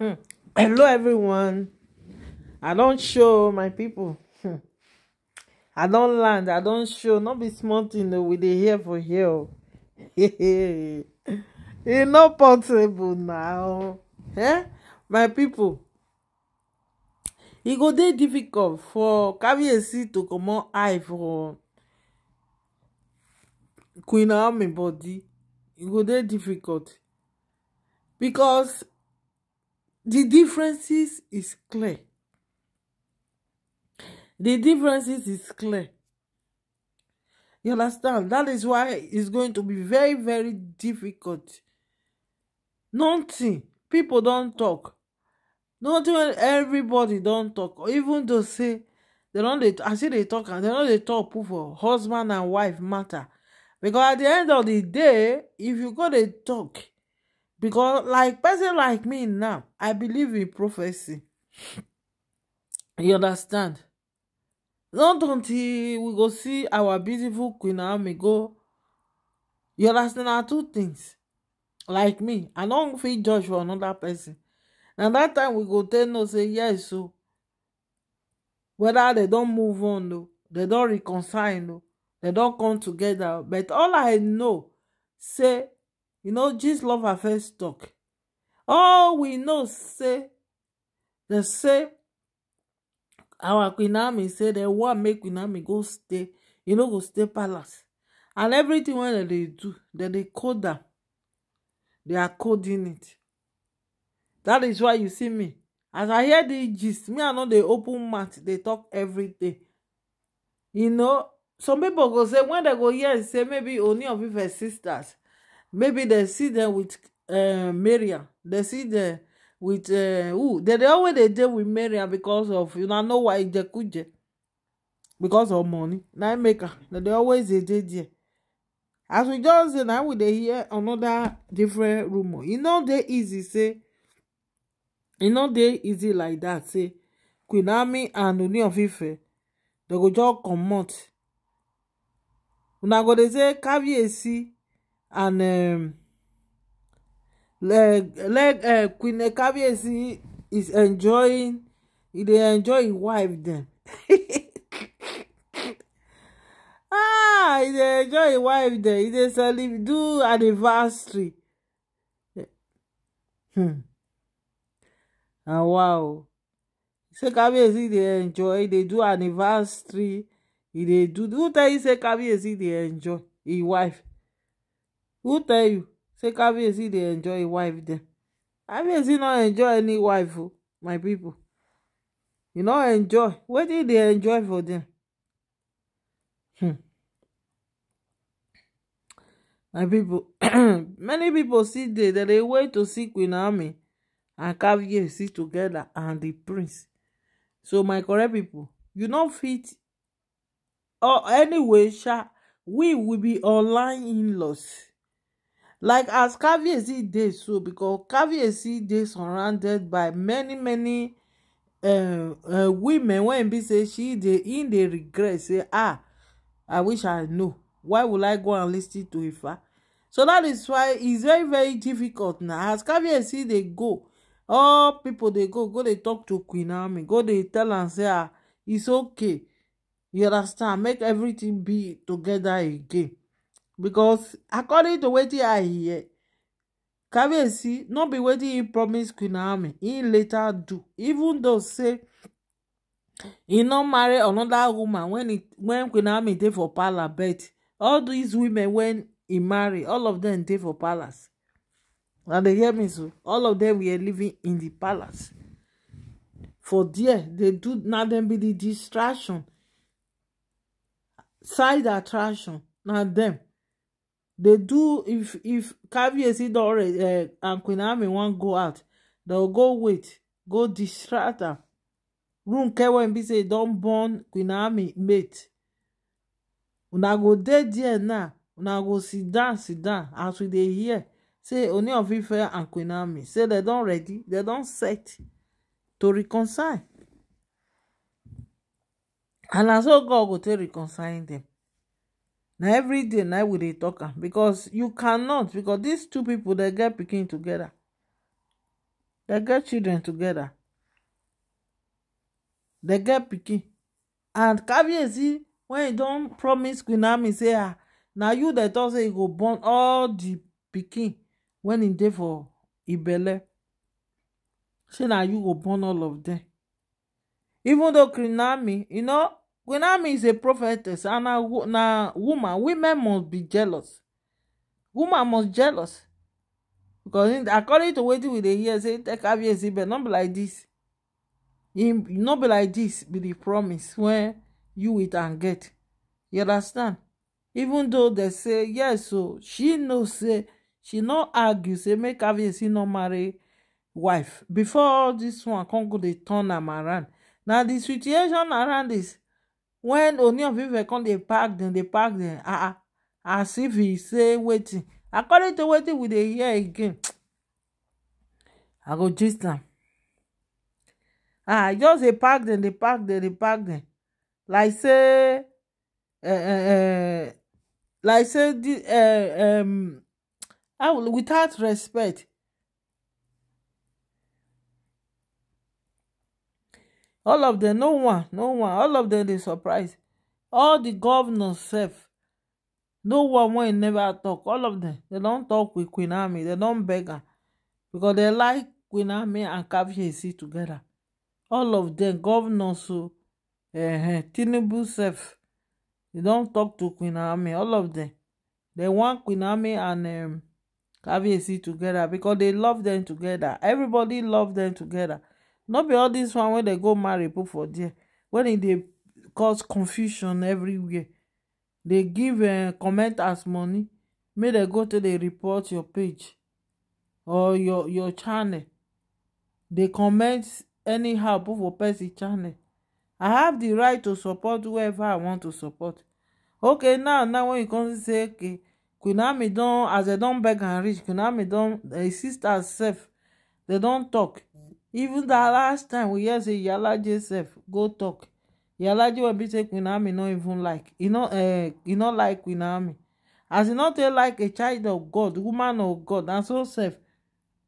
Hmm. Hello, everyone. I don't show my people. Hmm. I don't land. I don't show. Not be small thing o. We dey here for here. e not possible now. Eh? My people. It go dey difficult for Kabiyesi to comot eye for Queen Army body. It go dey difficult. Because the differences is clear the differences is clear you understand that is why it's going to be very very difficult nothing people don talk nothing everybody don talk even though say they don dey i still they talk and they no dey talk put for husband and wife matter because at the end of the day if you go dey talk because like person like me now i believe in prophecy you understand not until we go see our beautiful queen Naomi go you understand na two things like me i no fit judge for another person na that time we go tell know say yes So oh. whether they don move on o oh, They don reconcile o oh, They don come together but all i know say you know Jesus love first talk. all we know say they say our queen Naomi say they want make queen Naomi go stay You know, go stay palace and everything When they do dem they code am they are coding it that is why you see me as i hear the gist me and no dey open mouth they talk every day. you know some people go say when they go hear say maybe only of ife sisters maybe they see them with uh, um, maria They see them with uh, who They dey always they dey with maria because of you know why they ijekuje because of money Now im make am dem always they dey there as we just say na we dey hear another different rumor. You e know they easy say You e know they easy like that say queen ami and oni of ife dem go just comot una go they say caviarcy and um, like like uh, Queen Ekabiesi is enjoying He dey enjoy im wife dem ah he dey enjoy im wife dem He dey celebrate do anniversary eh, hmm. and wow say Kabiyesi dey enjoy e dey do anniversary He dey do who tell you say Kabiyesi dey enjoy im wife who tell you say kabiyesi they enjoy wife dem kabiyesi not enjoy any wife o my people, you no enjoy What wetin they enjoy for them? hmm. my people, many people see dey that they wait to see queen naomi and kabiyesi together and the prince so my correct people, you not fit or anyway sha we will be online in loss like as Kabiyesi dey so because Kabiyesi dey surrounded by many many uh, uh, women wey be say she dey im dey regret say ah I wish I know why would I go and listen to Ifa so that is why it's very very difficult now as Kabiyesi dey go all people dey go go dey talk to Queen Naomi go dey tell am say ah it's okay you understand make everything be together again because according to wetin i hear kabiyesi no be wetin he promise queen naomi he later do even though say he no marry another woman when he when queen naomi dey for palace but all these women when he marry all of them dey for palace na dey hear me so all of them were living in the palace for there they do na them be the distraction side attraction na them. dey do if if kabiyesi don uh, and queen ami wan go out dem go wait go distract am runke wey be say don born queen ami mate una go dey there now una go sit down sit down as we dey hear say oni of ife and queen ami say dem don ready dem don set to reconcile and na so god go take reconcile dem na day na we dey talk am because you cannot because these two people dey get pikin together, dey get children together, dey get pikin and caviezi wen e don promise queen say ah na you dey talk say you go born all di pikin wen e dey for ibele say na you go born all of dem even though queen you know. Queen Naomi is a prophetess and a na woman women must be jealous woman must jealous because in, according to wetin we dey hear say take Kabiyesi but no be like this im not be like this be the promise wey you with and get you understand even though they say yes so she know say she no argue say make a Kabiyesi no marry wife before this one come go dey turn am around Now the situation around this when y people come the park then dans park un ah ah as if he say wetin according to waiting with a year again i go just ah just they park then they park then they park then like say uh, like say without respect all of them, no one no one all of them dey surprise all the governors sef no one wey never talk. all of them, dem don talk with queen army dem don beg am because dem like queen army and kabiyesi together. all of them governors o uh, tinubu sef dem don talk to queen army all of them, dem want queen army and um, kabiyesi togeda becos dem love them together. everybody love them together no be all this one when they go marry put for there when e dey cause confusion everywhere They give a eh, comment as money make dem go to the report your page or your your channel They comment anyhow put for person channel i have the right to support whoever i want to support okay now now when you come say okay kunami don't as they don't beg and reach kunami don't her eh, sister sef they don't talk. even dat last time we hear say yala joseph go tok yala wey be say queen army no even like e no eh, e like queen army as e no take like a child of god woman of god and so sef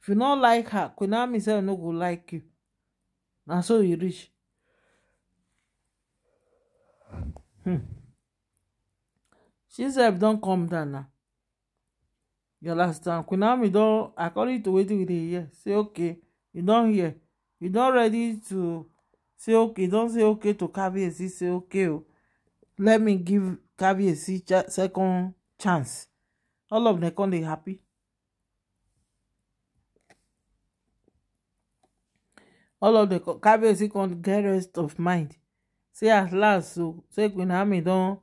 if you no like her queen army sef no go like you na so e reach hmm. she sef don come down your you understand queen army don according to wetin we dey hear say okay. you don hear you don ready to say okay you don say okay to Kabiyesi say okay o let me give Kabiyesi cha second chance all of them come dey happy all of dem Kabiyesi come get rest of mind say at last so say Queen Naomi don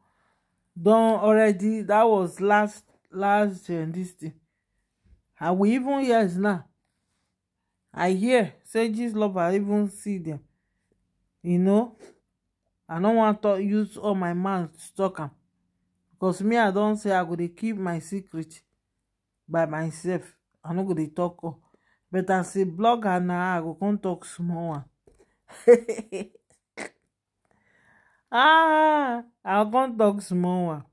don already that was last last uh, this thing and we even hear now i hear say dis lover even see them, you know i don't want to use all my mouth to talk am because me i don't say i go to keep my secret by myself i not go to talk all but as a blogger now i go come talk small ah i go come talk small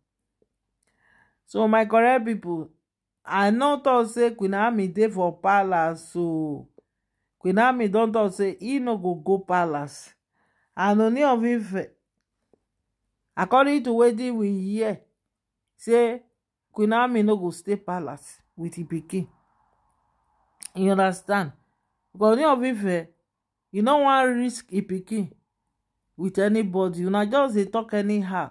so my correct people, i no tok say queen ami day for palace so queen ami don tok say he no go go palace and only of ife according to wedding we hear say queen ami no go stay palace with e pikin you understand but only of ife you no wan risk e pikin with anybody You not just dey talk anyhow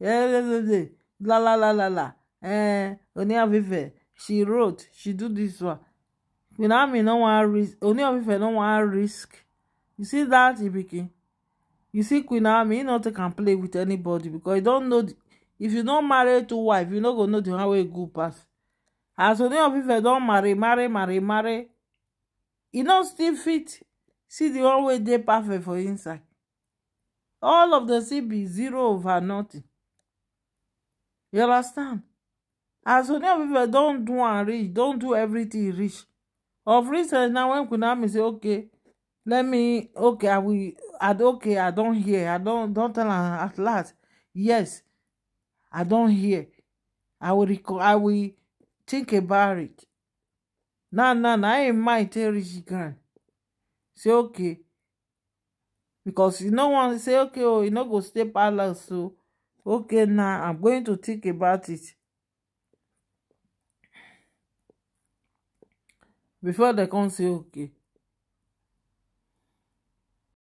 eh, eh, eh, la la la la la eh only of ife she wrote she do this one Queen Naomi no wan risk Only if Ife no wan risk you see that Ibiki you see Queen Naomi he not can play with anybody because you don't know the, if you don marry to wife you no go know the one wey good pass as only of Ife don't marry marry marry marry you not still fit see the one way dey perfect for inside all of the still be zero over nothing you understand as only of Ife don't do am reach don do everything rich. of recent now when queen say okay let me okay i will okay i don hear i don tell am at last yes i don hear i will recall i will think about it now now na im mind take reach ground say okay because you no one say okay oh you no go stay palace so okay now i'm going to think about it before dem come say ok.